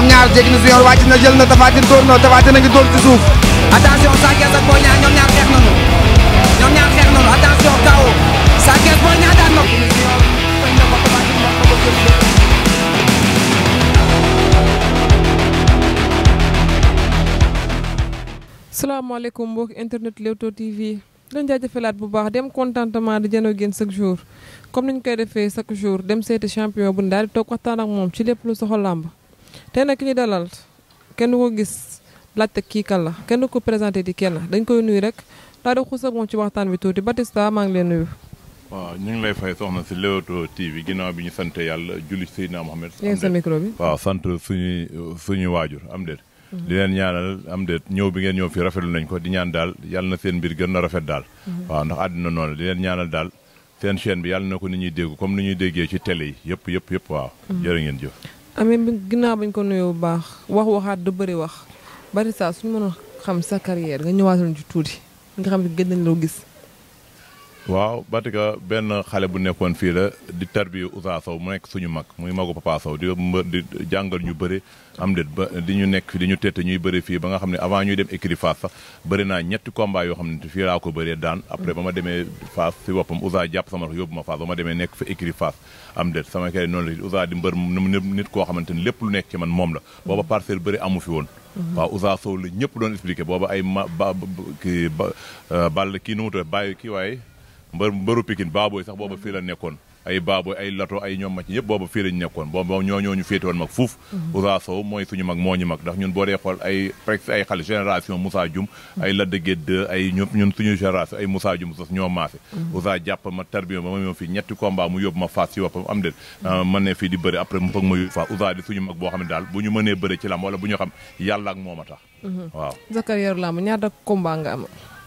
ñoom ñaar jéggi na su yor wàcc na jël na Tapha Tine dóor na ci suuf attention Sa bu baax dem contentement di jënoo génn chaque jour comme niñ koy defee chaque jour dem seeti champion bu ndaal di toog waxtaan ak moom ci lépp lu soxal làmb tey nag ki ñu dalal kenn du ko gis laajte kii kan la kenn du ko présenté di kenn dañ koy nuyu rek daal di xuus ak ci waxtaan bi tuuti Batista maa ngi leen nuyu. waaw ñu ngi lay fay soxna si Leewtoo TV ginnaaw bi ñu sante yàlla julli Seydina Mohamed. am sa micro waaw sant suñuy suñuy waajur am déet. Mhm. di leen ñaanal am de ñëw bi ngeen ñëw fii rafetlu nañ ko di ñaan daal yàlla na seen mbir gën na rafet daal. Mhm. waaw ndax àddina noonu di leen ñaanal daal seen chaîne bi yàlla na ko ni ñuy dégg comme ni ñuy déggee ci télé yi yëpp yëpp yëpp waaw. Mhm. jërë ngeen jëf. amee bi ginnaaw bañ ko nuyoo bu baax wax waxaat du bëri wax Barissa suñu mënoon xam sa carrière nga ñëwaatoon ci tuuti nga xam ne gëj nañ loo gis waaw Batika benn xale bu nekkoon fii la di tarbiyu Ousa Sow mu nekk suñu mag muy magu Papa Sow di di jàngal ñu bëri am déet ba di ñu nekk fi di ñu tette ñuy bëri fii ba nga xam ne avant ñuy dem écurie Fass sax bëri naa ñetti combat yoo xam ne fii laa ko bëree daan après ba ma demee Fass si boppam Ousa jàpp sama loxo yóbbu ma Fass ba ma demee nekk fa écurie Fass am déet sama kër noonu la Ousa di mbër nit koo xamante ni lépp lu nekk ci man moom la booba parcelle bëri amu fi woon mhm. waaw Ousa Sow ñëpp doon expliqué booba ay ma ba kii euh, ball kii nu mu tudd kii waaye mbër mbëru Pikine baabooy sax booba fii la nekkoon ay baabooy ay lato ay ñoom mac ñëpp booba fii lañu nekkoon ñoo ñooñu mhm. mhm. maase mhm. Ousa jàpp ma tarbiyo ma ma moom fii ñetti combat mu yóbbu ma faas si boppam am déet euh, man ne fii di bëri après mu foog ma yóbbu moom a tax waaw Zakaria Lam ñaata combat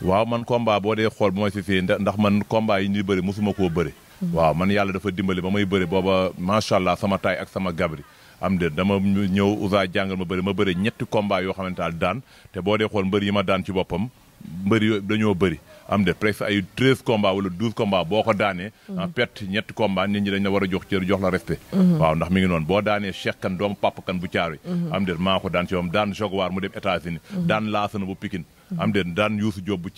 waaw man combat boo dee xool bu ma fi fii ndax man combat yi ñuy bëri suma koo bëri hmm. waaw man yàlla dafa dimbali ba may bëri booba macha allah sama taay ak sama gabri am de dama ñëw usa jàngal ma bëri ma bëri ñetti combat yoo xamante ne daan te boo dee xool yi ma daan ci boppam mbër yooyu dañoo bëri am de presque ay treize combats wala douze combats boo ko daanee hmm. en perte ñetti combats nit ñi dañ la war a jox cër jox la respect hmm. waaw ndax mi ngi noonu boo daanee Cheikh kan doomu papa kan bu caaru yi am de maa ko daan ci moom daan Jaguar mu dem états daan laasana bu pikin am déet daan yuusu Jóob bu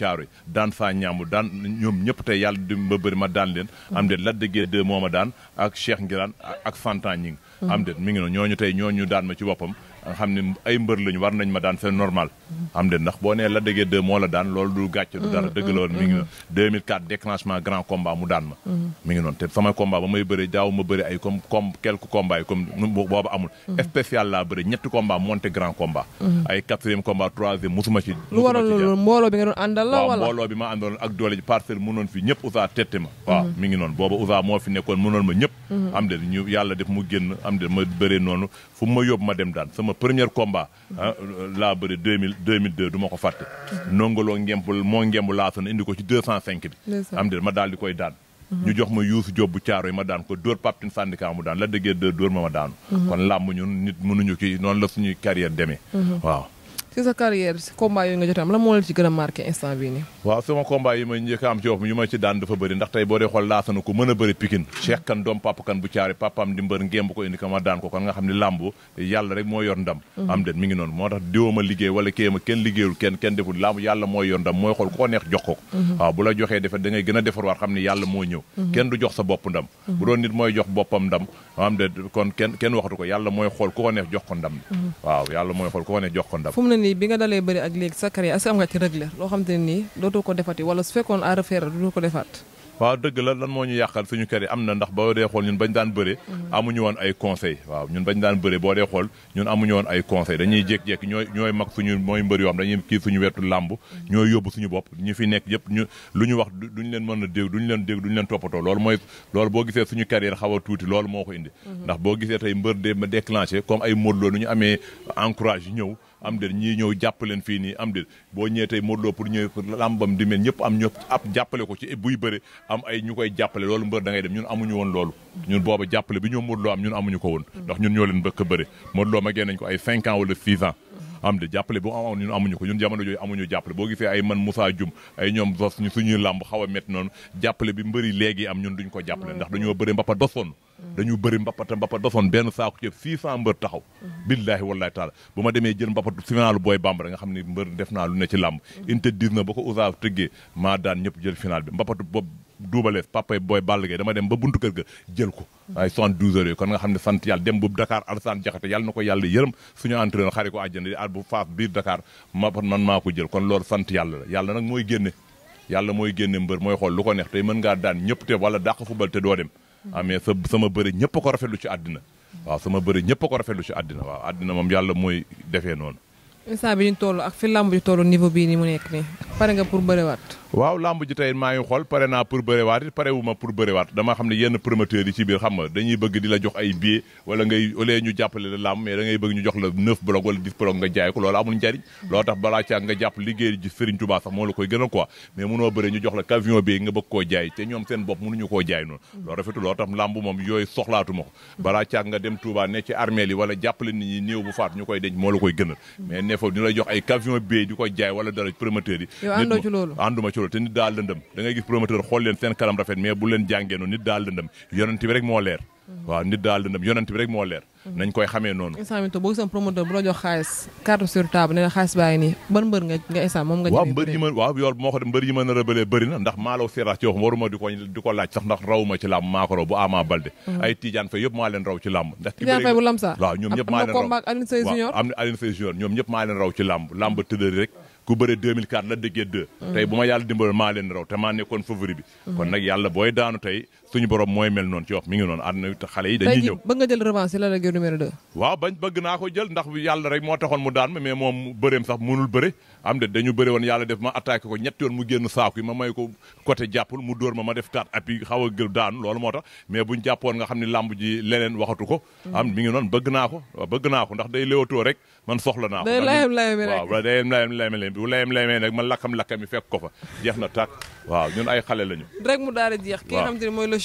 daan faa ñaamu daan ñoom ñëpp tey yàlla di ma bëri ma daan leen am den Lac de Guiers 2 moo ma daan ak Cheikh Ngiraan ak Fantan Ñing am déet mi ngi noonu ñooñu tey ñooñu daan ma ci boppam nga xam ne ay mbër lañu war nañ ma daan c'est normal xam ne ndax boo nee la déggee deux moo la daan loolu du gàcce du dara dëgg la woon mi ngi 2004 déclenchement grand combat mu daan ma mi ngi noonu te samay combat ba may bëri daaw ma bëri ay comme comme quelques combats yi comme boobu amul spécial laa bëri ñetti combat monté grand combat ay quatrième mbooloo bi nga doon àndal la wala mbooloo bi ma àndaloon ak doole ji parcelle mënoon fi ñëpp ousa tette ma waaw mhm. mi ngi noonu booba ousa moo fi nekkoon mënoon ma ñëpp mhm. am de ñu yàlla def mu génn am de ma bëree noonu fu ma yóbbu ma dem daan sama premier combat laa bëri deux mille deux mille deux du ma ko fàtte nongaloo ngemb moo ngemb na indi ko ci deux cent cinq bi am de ma daal di koy daan ñu jox ma yuusu jóob bu caaro yi ma daan ko dóor paptin syndicat mu daan la déggee de dóor ma ma daanu mhm. kon làmb ñun nit mënuñu kii noonu la suñuy carrière demee mhm. waaw ci sa carrière si combat yooyu nga jot am la moo la ci gën a marqué instant bii nii waaw sama combat yi ma njëkk a am ci wof yu ma ci daan dafa bëri ndax tey boo dee xool ko mën a bëri Pikine hmm. ko indi ka ko ndam am a yàlla mooy yor ndam hmm. ko neex jox ko hmm. waaw a yàlla mooy jox ko ko neex jox ko ndam waaw yàlla mooy xool ku ko neex jox ko ndam nii bi nga dalee bëri ak léegi sa carrière est-ce que am nga ci régler loo xam te ne nii dootoo ko defati wala su fekkoon à refaire dootoo ko defaat waaw dëgg la lan moo ñu yàqal suñu kër yi am na ndax boo dee xool ñun bañ daan bëre mhm. amuñu woon ay conseil waaw ñun bañ daan bëre boo dee xool ñun amuñu woon ay conseil dañuy mhm. jékki-jékki ñooy ñooy mag suñu mooy mbër yoo xam dañuy kii suñu wetu làmb mhm. ñooy yóbbu suñu bopp ñu fi nekk yëpp ñu lu ñu wax duñu leen mën a dégg duñu leen dégg duñu leen toppatoo loolu mooy loolu boo gisee suñu carrière xaw a tuuti loolu moo ko indi ndax boo gisee tey mbër de déclenché comme ay Modou Lo nu ñu amee encourage yi ñëw am déet ñii ñëw jàpp fii nii am déet boo ñëwee tey pour ñëw làmbam di mel ñëpp am ñëpp ab jàppale ko ci buy bëre am ay ñu koy jàppale loolu mbër da dem ñun amuñu woon loolu ñun booba jàppale bi ñoom Modou Lo am ñun amuñu ko woon ndax ñun ñoo leen bëkk bëre Modou Lo ma ko ay 5 ans wala 6 ans am de jàppale bu am ñun amuñu ko ñun jamono jooju amuñu jàppale boo gisee ay man Moussa Dioum ay ñoom dos ñu suñuy làmb xaw a noonu jàppale bi mbëri léegi am ñun duñ ko jàppale ndax dañoo bëri mbappa dosoon dañu bëri mbappata mbappa dosoon benn saako ceeb 600 mbër taxaw billaahi wallaahi taala bu ma demee jël mbappa finalu booy bambara nga xam ne mbër def naa lu ne ci làmb inte 19 ba ko Ousseyn tëggee maa daan ñëpp jël final bi mbappatu boobu duubalees papay booy Balla Gaye dama dem ba buntu kër ga jël ko waaye 72 heures yi kon nga xam ne sant yàlla dem bu Dakar Alassane Diakhaté yàlla na ko yàlla yërëm suñu entraîneur xari ko àjjana di at bu faaf biir Dakar ma man maa ko jël kon loolu sant yàlla la nag mooy génne yàlla mooy génne mbër mooy xool lu ko neex tey mën ngaa daan ñëpp te wala dàq bal te doo dem amee ah, sama bëri ñëpp a ko rafetlu ci àddina waaw sama bëri ñëpp a ko rafetlu ci àddina waaw àddina moom yàlla mooy defee noonu instant bi ñu toll ak fi làmb ji toll niveau bii ni mu nekk nii pare nga pour bëriwaat. waaw làmb ji tey maa ngi xool pare naa pour bëriwaat it pare wu ma pour bëriwaat dama xam ne yenn promoteurs yi ci biir xam nga dañuy bëgg di la jox ay billets wala ngay au lieu ñu da ngay bëgg ñu jox la 9 bloc wala 10 bloc nga jaay ko loolu amul njariñ hmm. loolu tax balaa ci ak nga jàpp liggéey ji Serigne Touba sax moo la koy gënal quoi jaay te ñoom seen bopp koo jaay noonu hmm. loolu rafetu loolu tax làmb moom yooyu soxlaatu ma ko hmm. balaa ci ak nga dem Touba ne ci armeel yi wala jàppale nit ñi néew bu faat ñu koy denc moo la koy gënal demee foofu dina lay jox ay camion bay di jaay wala dara promoteur yi yow àndoo ci loolu ànduma te nit daal lëndëm da gis promoteur xool leen seen kanam rafet mais bu leen jàngee nit daal lëndëm yonent bi rek moo leer mm-hmm. waaw nit daal lëndëm yonent bi rek moo leer Mm-hmm. nañ koy xamee noonu. instant bi boo gisoon promoteur bu la jox xaalis carte sur table ne la baa nii ban mbër nga nga moom nga. waaw waaw mbër yi ma a bëlee bëri na raw bu mm-hmm. am na combat Alioune Seye ñoom ñëpp maa leen raw ci làmb làmb tëddëri rek ku bëre 2004 la déggee 2 mm-hmm. tey bu ma yàlla dimbal maa leen raw te maa nekkoon favori bi kon nag yàlla booy daanu tey suñu borom mooy mel noonu ci wax mi ngi noonu àdduna te xale yi dañuy ñëw ba nga jël revanche la la gën numéro 2 waaw bañ bëgg naa ko jël ndax yàlla rek moo taxoon mu daan ma mais moom bëreem sax mënul bëre am de mu génn saaku yi a xam ne làmb ji leneen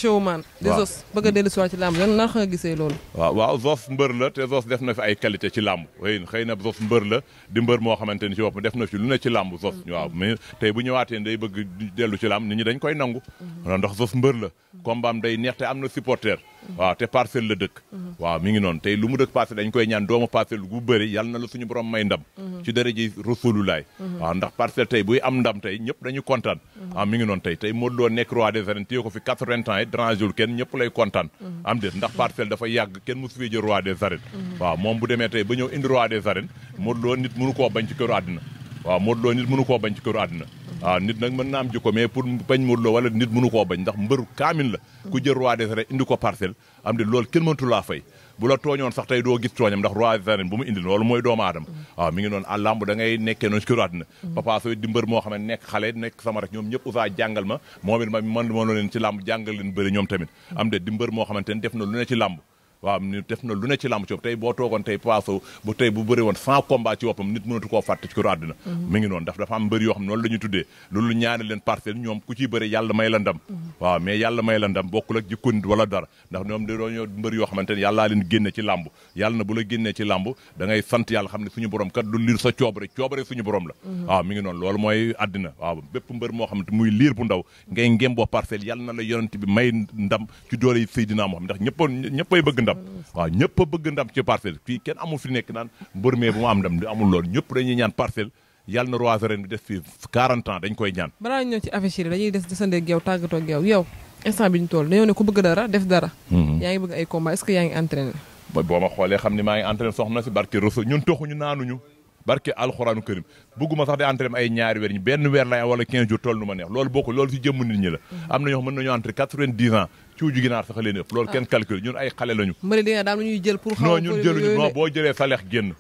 showman di Zoss bëgg a dellu ci làmb lan naka nga gisee loolu waaw waaw mbër la te Zoss def na fi ay qualité ci làmb y xëy na Zoss mbër la di mbër moo xamante ni ci boppam def na fi lu ne ci làmb Zoss mm-hmm. waaw mais tey bu ñëwaatee day bëgg dellu ci làmb nit ñi dañ koy nangu mm-hmm. ndox Zoss mbër la mm-hmm. combat mbaam day neex te am na supporter waaw te parcelle la dëkk waaw mi ngi noonu tey lu mu dëkk parcelle dañ koy ñaan dooma parcelle gu bëri yal na la suñu borom may ndam mhm. ci daraji rasululaay mhm. waaw ndax parcel tey buy am ndam tey ñëpp dañu kontaan mhm. ah mu ngi noonu tey tey Modou Lo nekk roi des ko fi quatre-vingts ans yi drangeul kenn ñëpp lay kontaan am déet ndax parcelle dafa yàgg kenn mosu fee jël roi des arènes waaw moom bu demee tey ba ñëw indi roi des arènes Modou Lo nit mënu koo bañ ci këru àddina waaw Modou Lo mënu koo bañ ci këru àddina waaw ah, nit nag mën naa am jikko mais pour bañ Modou Lo wala nit mënu koo bañ ndax mbër kaamin la ku jël roi des arènes indi ko parcelle am di lool kenn mënatu laa fay bu la tooñoon sax tey doo gis tooñam ndax roi des bu mu indil loolu mooy doomu aadama waaw ah, mi ngi noonu àlamb da ngay nekkee noonu si ko na papa sooy di mbër moo xam ne nekk xale nekk sama rek ñoom ñëpp usaa jàngal ma moom it ma man mënoo leen ci làmb jàngal leen bëri ñoom tamit am de di mbër moo xamante ne def na lu ne ci waaw ni def na lu ne ci làmb koo fàtte ci ko àddina mhm. mi ngi noonu daf dafa am mbër la ñu tuddee loolu ñaane leen parcelle ñoom ku ciy bëri la ndam mhm. waaw ne ne suñu borom kat du liir sa coobare coobare suñu borom la mhm. waaw mi mooy àddina waaw bépp mbër moo xamante muy liir bu ndaw ngay ngem boo parcelle yàlla na la yonent bi may ndam ci doole yi Seydina Muhammad ndax ñëpp ñëppay bëgg ndam waaw ñëpp a bëgg ndam ci parcelle fii kenn amul fi nekk naan mbër mee bu ma am ndam amul lool ñëpp dañuy ñaan parcelle yàlla na roi arène def fii 40 ans dañ koy ñaan balaa ñëw ci affiche dañuy des desandee geew tàggatoo geew yow instant bi ñu toll dañoo ne ku bëgg dara def dara mhm. yaa ngi bëgg ay combat est yaa ngi entraîné boo ma xoolee xam ne maa ngi entraîné soxna si barke Rosso ñun toxuñu naanuñu barke alxuraanu karim bëgguma sax di entraîné ay ñaari weer ñi benn weer lay wala 15 jours toll nu ma neex loolu bokk loolu si jëmm nit ñi la am na ñoo xam mën nañoo entraîné 90 ans cuuju ginaar sax leen ëpp loolu kenn calcule ñun ay xale lañu non ñun jëluñu non boo jëlee sa lex génn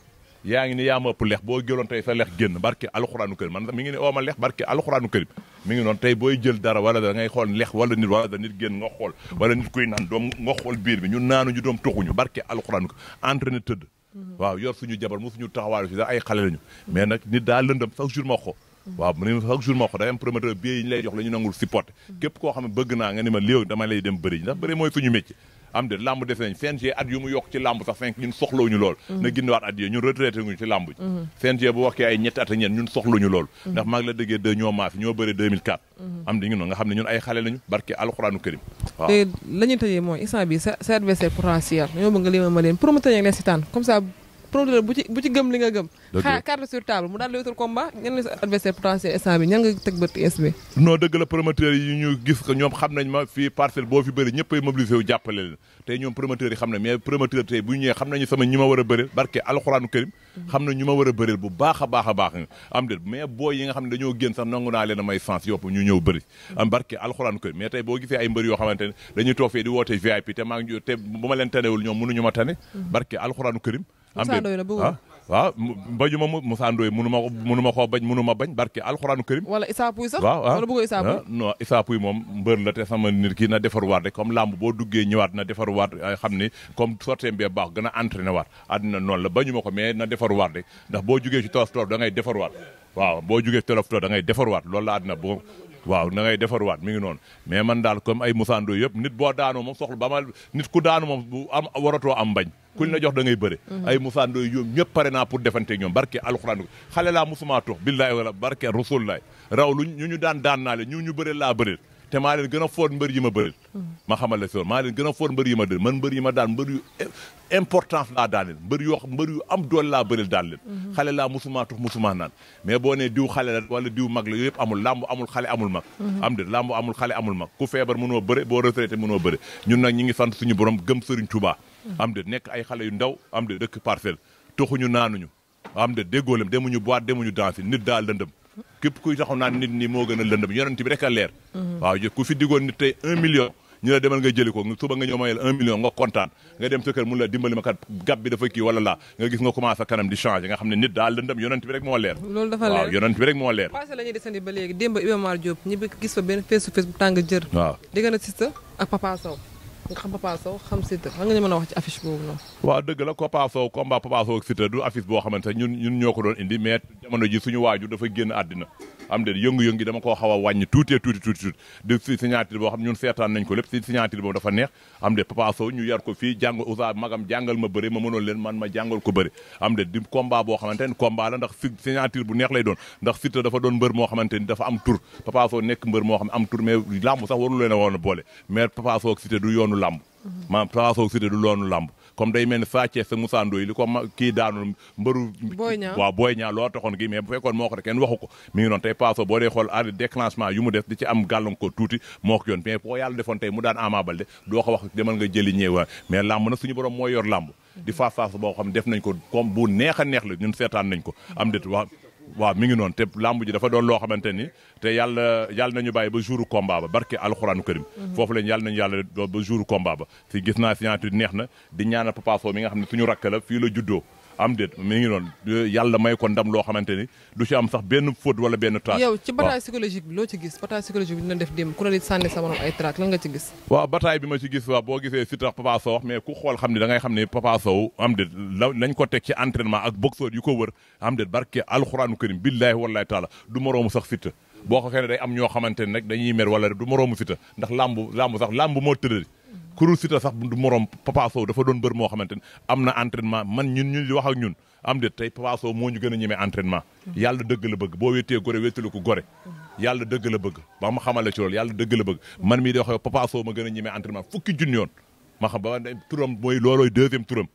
yaa ngi ne yaa ma boo jëloon tey sa lex génn barke alxuraanu karim man mi ngi ne oo ma lex barke alxuraanu karim mi ngi noonu tey booy jël dara wala da ngay xool lex wala n wala da nit génn nga xool wala nit kuy naan doom nga xool biir bi ñun naanuñu doom toxuñu barke alxuraanu tëdd waaw yor suñu jabar mu suñu taxawaalu si sax ay xale lañu mais nag nit daa lëndëm chaque jour ma ko waaw mu ne chaque jour ma ko day am promoteur bi yi ñu lay jox la ñu nangul supporté képp koo xam ne bëgg naa nga ni ma léegi dama lay dem bëri ndax bëri mooy ñu métier am de lamb def nañ CNG at yu mu yokk ci lamb sax cinq ñun soxlawuñu lool mhm. na gindiwaat at yii ñun retraité nguñu ci lamb ji mhm. CNG bu waxee ay ñetti at ak ñun soxlawuñu lool mhm. ndax maa la déggee deux ñoo maaf ñoo bëri 2004 am di ñu noonu nga xam ne ñun ay xale lañu barke alxuraanu karim waaw tëjee mooy instant bi sa adversaire potentiel ñoo bëgg nga limal ma leen pour mu tëjee leen si taan comme ça promoteur bu ci gëm li nga gëm. xaar carte sur table mu daal di la sa adversaire ñan nga teg bët SB. non dëgg la promoteur yi ñu gis que ñoom xam nañ ma fii parcelle boo fi bëri ñëppay mobilisé wu jàppale leen tey ñoom promoteur yi mais promoteur tey bu ñu ñëwee xam nañu sama ñi ma war a bëreel barke alxuraanu karim xam na ñu ma war a bëreel bu baax a baax a baax am déet mais boo yi nga xam ne dañoo génn sax nangu naa leen a may sens yopp ñu ñëw bëri am barke alxuraanu karim boo gisee ay mbër yoo xamante ne dañuy toog fee di woote VIP te maa ngi te bu ma am déet Moussa ah, waaw bañu ma Moussa Ndoye munu ma munu ma koo bañ munu bañ barke alxuraanu karim wala Issa Pouye sax waaw ah. wala bëggoo Issa Pouye ah, non moom mbër la te sama nit ki na defar waat rek comme boo duggee ñëwaat na defar waat xam ni comme sorteem bee baax gën a entraîné waat àddina noonu la bañu ma ko mais na defar waat ndax boo jugee ci tolof tolof da ngay defar waat waaw boo jugee ci tolof tolof da ngay defar loolu la àddina boo waaw na ngay defarwaat mi ngi noon mais man daal comme ay Moussa Ndoye yëpp nit boo daanoo moom soxla ba ma nit ku daanu moom bu am waratoo am mbañ kuñ la jox da ngay bëre mhm. ay Moussa Ndoye yoom ñëpp pare naa pour defante ñoom barke alxuraan xale laa mosumaa tox billaahi wala barke rasulullaah raw lu ñu ñu daan daan naa le ñu ñu bëre laa bëre te maa leen gën a foot mbër yi ma bëri ma xamal la si woon maa leen gën a foot mbër yi ma dël man mbër yi ma daan mbër yu importance laa daan mbër yoo mbër yu am doole laa bëril daan leen mhm. xale laa musumaa tux musumaa naan mais boo nee diw xale la wala diw mag la yooyu yëpp amul làmb amul xale amul mag mhm. am de làmb amul xale amul mag ku feebar munoo bëre boo retraité mënoo bëre ñun nag ñi ngi sant suñu borom gëm sëriñ Tuubaa mhm. am de nekk ay xale yu ndaw am de dëkk parcelle toxuñu naanuñu am de déggoo leen demuñu boîte demuñu danse nit daal lëndëm képp kuy taxaw naan nit ñi moo gën a lëndëm yonent bi rek a leer waaw ku fi digoon nit tey un million ñu la demal nga jëli ko suba nga ñëw mayel un million nga kontaan nga dem sa kër mun la dimbali ma kat gab bi dafa kii wala laa nga gis nga commencé kanam di changé nga xam ne nit daal lëndëm yonent bi rek moo leer loolu dafa leer bi rek moo leer passé Iba Mar Diop ñi bi gis fa benn face to face bu jër waaw diggante Siteu ak Papa Sow xam Papa xam Siteu a wax ci affiche du affiche boo xamante ne ñun ñun ñoo ko doon indi mais jamono ji suñu waaju dafa génn àddina am de yëngu-yëngu dama koo xaw a wàññi tuuti tuuti tuuti boo xam ñun seetaan nañ ko lépp si signature boobu dafa neex am de Papa ñu yar ko fii jàng usa magam jàngal ma bëri ma mënoon leen man ma jàngal ko bëri am de di combat boo xamante ne combat la ndax signature bu neex lay doon ndax Siteu dafa doon mbër moo xamante dafa am a woon a boole mais Papa Sow ak Siteu làmb maanaam Papa Sow Siteu du loonu làmb comme day mel ni Sa Thiès sa li ko kii daanul mbëru waaw Boy Niang loo taxoon gi mais bu fekkoon moo ko te kenn waxu ko mi ngi noonu tey boo dee xool arrêt déclenchement yu mu di ci am gàllankoor tuuti moo ko yoon mais boo yàlla defoon tey mu daan Ama Baldé doo ko wax demal nga jëli ñëw mais làmb nag suñu borom mooy yor làmb di face face boo xam def nañ ko comme bu neex a neex la ñun seetaan nañ ko waaw mi ngi noonu te làmb ji dafa doon loo xamante ni te yàlla yàlla nañu bàyyi ba jouru combat ba barke alxuraanu karim mhm. foofu lañ yàlla nañu yàlla ba jouru combat ba si gis naa signature neex na di ñaana Papa Sow mi nga xam ne suñu rakk la fii la juddoo am déet mi ngi noonu yàlla may kon ndam loo xamante ni du ci am sax benn faute wala benn trac yow ci bataille psychologique bi loo ci gis bataille psychologique bi dina def démb ku ne di sànni sa morom ay trac lan nga ci gis waaw bataille bi ma ci gis waaw boo gisee si tax Papa mais ku xool xam ne da ngay xam ne Papa Sow am déet lañ ko teg ci entraînement ak boxeur yu ko wër am déet barke alxuraanu karim billaahi wallaahi taala du moroomu sax fitta boo ko xëy ne am ñoo xamante ne nag dañuy mer wala du moroomu fitta ndax làmb sax làmb moo tëddee kurul sax du morom Papa Sow dafa doon bër moo xamante ne am na entraînement man ñun ñun di wax ak ñun am déet tey Papa moo ñu gën a ñemee entraînement dëgg la bëgg boo wéetee gore wéetalu ko gore yàlla dëgg la bëgg ba ma xamale ci loolu yàlla dëgg la bëgg man mii di wax Papa Sow ma gën a ñemee fukki junni yoon ma xam ba turam mooy loolooy deuxième turam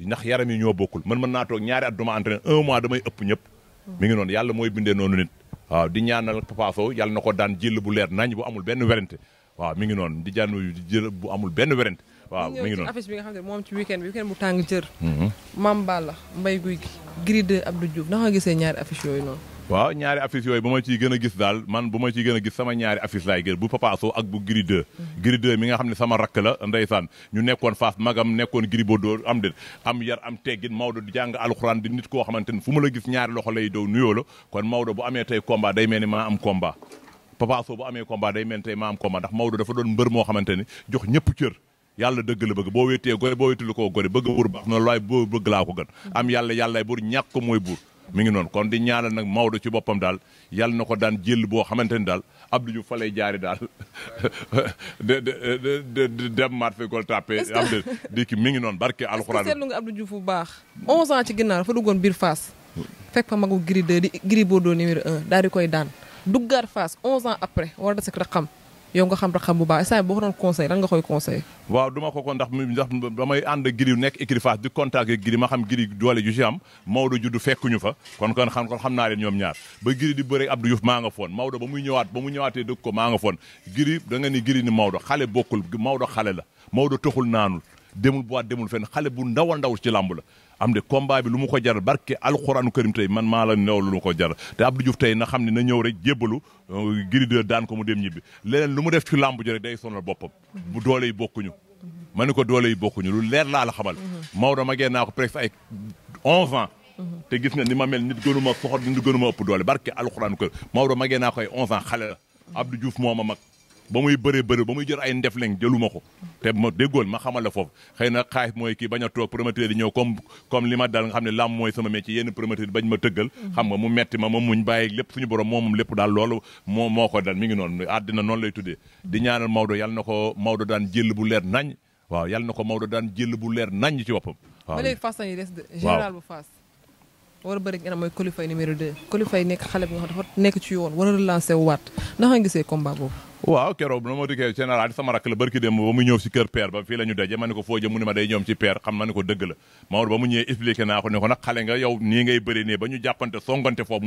ndax yaram yi ñoo bokkul man mën naa toog ñaari at duma entraîné un damay ëpp ñëpp mi ngi noonu yàlla mooy bindee noonu nit waaw di ñaanal Papa yàlla na ko daan jël bu leer nañ bu amul benn werante waaw mi ngi noonu di jànnu yu di jër bu amul benn werent waaw mi ngi noonu affiche bi nga xam ne moom ci weekend bi weekend bu tàng jër mhm. Mame Balla Mbaye Guy gi Gris Abdou Diouf ndax nga gisee ñaari affiche yooyu noonu waaw ñaari affiche yooyu ba ma ciy gën a gis daal man ba ma ciy gën a gis sama ñaari affiche laay gën bu Papa Sow ak bu Gris 2 mhm. Gris 2 mi nga xam ne sama rakk la ndeysaan ñu nekkoon Fass magam nekkoon Gris Bordeaux am de am yar am teggin Maodo di jàng alxuraan di nit koo xamante ni fu ma la gis ñaari loxo lay dow nuyoo la kon Maodo bu amee tey combat day mel ni maa am combat Papa Sow bu amee combat day mel tey ma am combat ndax Maodo dafa doon mbër moo xamante ni jox ñëpp cër yàlla dëgg la bëgg boo wéetee gore boo lu koo gore bëgg buur baax na waaye boo bëgg laa ko gën am yàlla yàllaay buur ñàkk ko mooy buur mi ngi noonu kon di ñaanal nag Maodo ci boppam daal yàlla na ko daan jël boo xamante ni daal Abdou Diouf fa lay jaari daal de de de dem maat fi gol tàppe am de mi ngi noonu barke alxuraan seetlu nga Abdou Diouf bu baax 11 ans ci ginnaaw dafa duggoon biir Fass fekk fa magu Gris 2 di Gris Bordeaux numéro daal di koy daan du Fass 11 ans après war des ak raxam yow xam raxam bu baax instant boo ko doon conseil lan nga koy conseil waaw du ma ko ko ndax ndax ba may ànd Gris nekk écurie Fass di contact ak Gris ma xam Gris doole ju ci am Maodo juddu fekkuñu fa kon kon xam kon xam naa leen ñoom ñaar ba Gris di bëre Abdou Diouf maa nga foon ba muy ñëwaat ba mu ñëwaatee dëkk ko maa nga foon Gris da nga ni Gris ni Maodo xale bokkul Maodo xale la Maodo toxul naanul demul boîte demul fenn xale bu ndaw a ndaw ci làmb la am de combat bi lu mu ko jaral barke alxuraanu mu tey man maa la new lu mu ko jaral te Abdou Diouf tey na xam ni na ñëw rek jébbalu euh, Gris 2 daan ko mu dem ñibbi leneen lu mu def ci làmb ji rek day sono boppam bu doole yi bokkuñu ma ne ko doole yi bokkuñu lu leer laa la xamal Maodo magee naa ko presque ay onze ans te gis nga ni ma mel nit gënuma soxor nit gënuma ëpp doole barke alxuraanu karim Maodo magee naa ko ay onze ans xale la Abdou Diouf moo ma mag ba muy bëree bëre ba muy jël ay ndef lañ jëlu ma ko te ma déggoon ma xamal la foofu xëy na xaay mooy kii bañ a toog promoteur di ñëw comme comme li ma dal nga xam ne làmm mooy sama métier yenn promoteur bañ ma tëggal xam nga mu metti ma ma muñ bàyyi lépp suñu borom moom lépp daal loolu moo moo ko dal mi ngi noon àddina noonu lay tuddee di ñaanal Maodo yàlla na ko Maodo daan jël bu leer nañ waaw yàlla na ko Maodo daan jël bu leer nañ ci woppam waaw ba léegi Fass lañuy des général bu Fass war a bëri nga mooy Coly Faye numéro nekk xale bi nga dafa nekk ci yoon war a relancer waat ndax nga gisee combat boobu waaw keroog na ma dikkee général sama rakk la barki dem ba mu ñëw si kër père ba fii la ñu daje ma ne ko foo jëm mu ne ma day ñoom ci père xam ma ko dëgg la mu ñëwee expliqué naa ko nga yow nii ngay bëri ba ñu jàppante songante foofu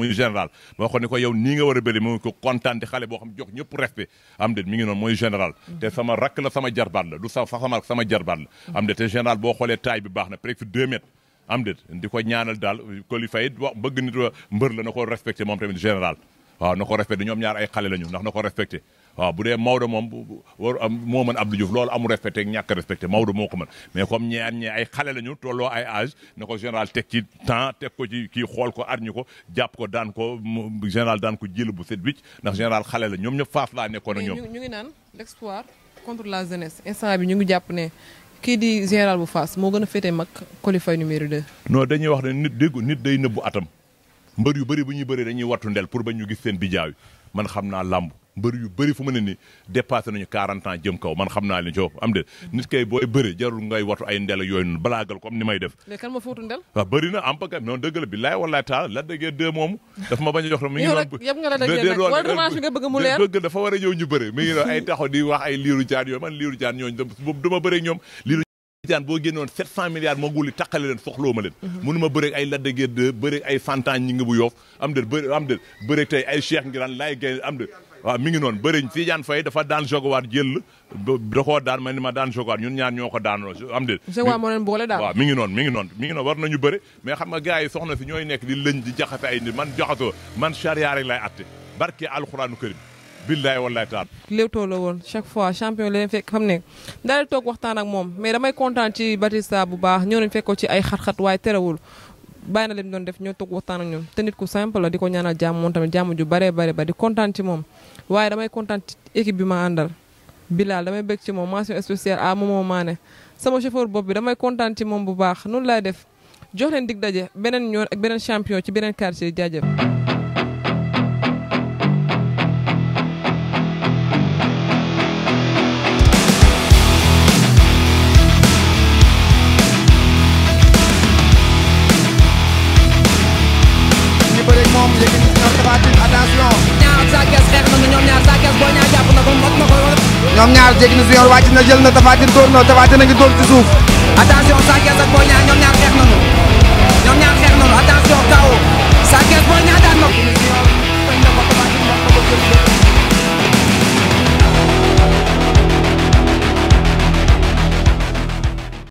ko ne ko yow a bëri mu ko kontaan xale boo xam jox ñëpp respect am de mi ngi noonu mooy général mhm. te sama rakk la sama jarbaat la du sama sama jarbaat mhm. am de boo xoolee taille bi baax na presque deux ko ñaanal daal kolifa it bëgg nit mbër la na ko respecté moom tamit général waaw na ko respecté ñoom ñaar ay la ñu ndax na ko respecté waaw bu dee Maodo moom waru am moo mën Abdou Diouf loolu amul respecté ak ñàkk respecté Maodo moo ko mën mais comme ñee at ñee ay xale lañu tolloo ay âge na ko général teg ci temps teg ko ci kii xool ko ar ñu ko jàpp ko daan ko général daan jël bu set wicc ndax général xale la ñoom ñëpp faaf laa nekkoon ak ñoom ñu ngi naan l'espoir contre la jeunesse instant bi ñu ngi jàpp ne kii di général bu faas moo gën a féetee mag qualifié numéro 2. no dañuy wax ne nit déggu nit day nëbbu atam mbër yu bëri bu ñuy bëree dañuy wattu ndel pour ba ñu gis seen bijaaw yi man xam naa làmb mbër yu bëri fu mu ne nii dépassé nañu 40 ans jëm kaw man xam naa leen coow am de nit kay booy bëri jarul ngay watu ay ndel yooyu noonu balaagal comme ni may def. mais kan ma fóotu ndel. waaw na am pakam non dëgg a a ñëw ñu bëri mi ngi doon ay taxaw di wax ay mhm. ma bëri ñoom liiru boo génnoon 700 milliards moo gulli taqale ma leen mënu ma bëreeg ay Lac de Guiers 2 bëreeg ay santaan am de waaw mi ngi noonu bëriñ Tidiane Faye dafa daan jogowaat jël da koo daan ma ni ma daan jogowaat ñun ñaar ñoo ko daanoo am fois champion leen fekk xam ne daal moom mais damay kontaan ci Batista bu baax ñëw nañ fekk ko ci ay xat-xat waaye terewul bàyyi na leen doon def ñoo toog waxtaan ak te nit ku simple la di ko ñaanal jàmm moom tamit jàmm ju bare bare ba di kontaan ci moom waaye damay kontaan équipe bi ma àndal Bilal damay beg ci moom mention spéciale à Momo Mané sama chauffeur bopp bi damay kontaan ci moom bu baax noonu laay def jox leen dig daje beneen ñoon ak beneen champion ci beneen quartier jaajëf ñoom ñaar jéggi na junior wàcc na jël na Tapha Tine dóor na Tapha Tine a ngi dóor ci ñoom ñaar xeex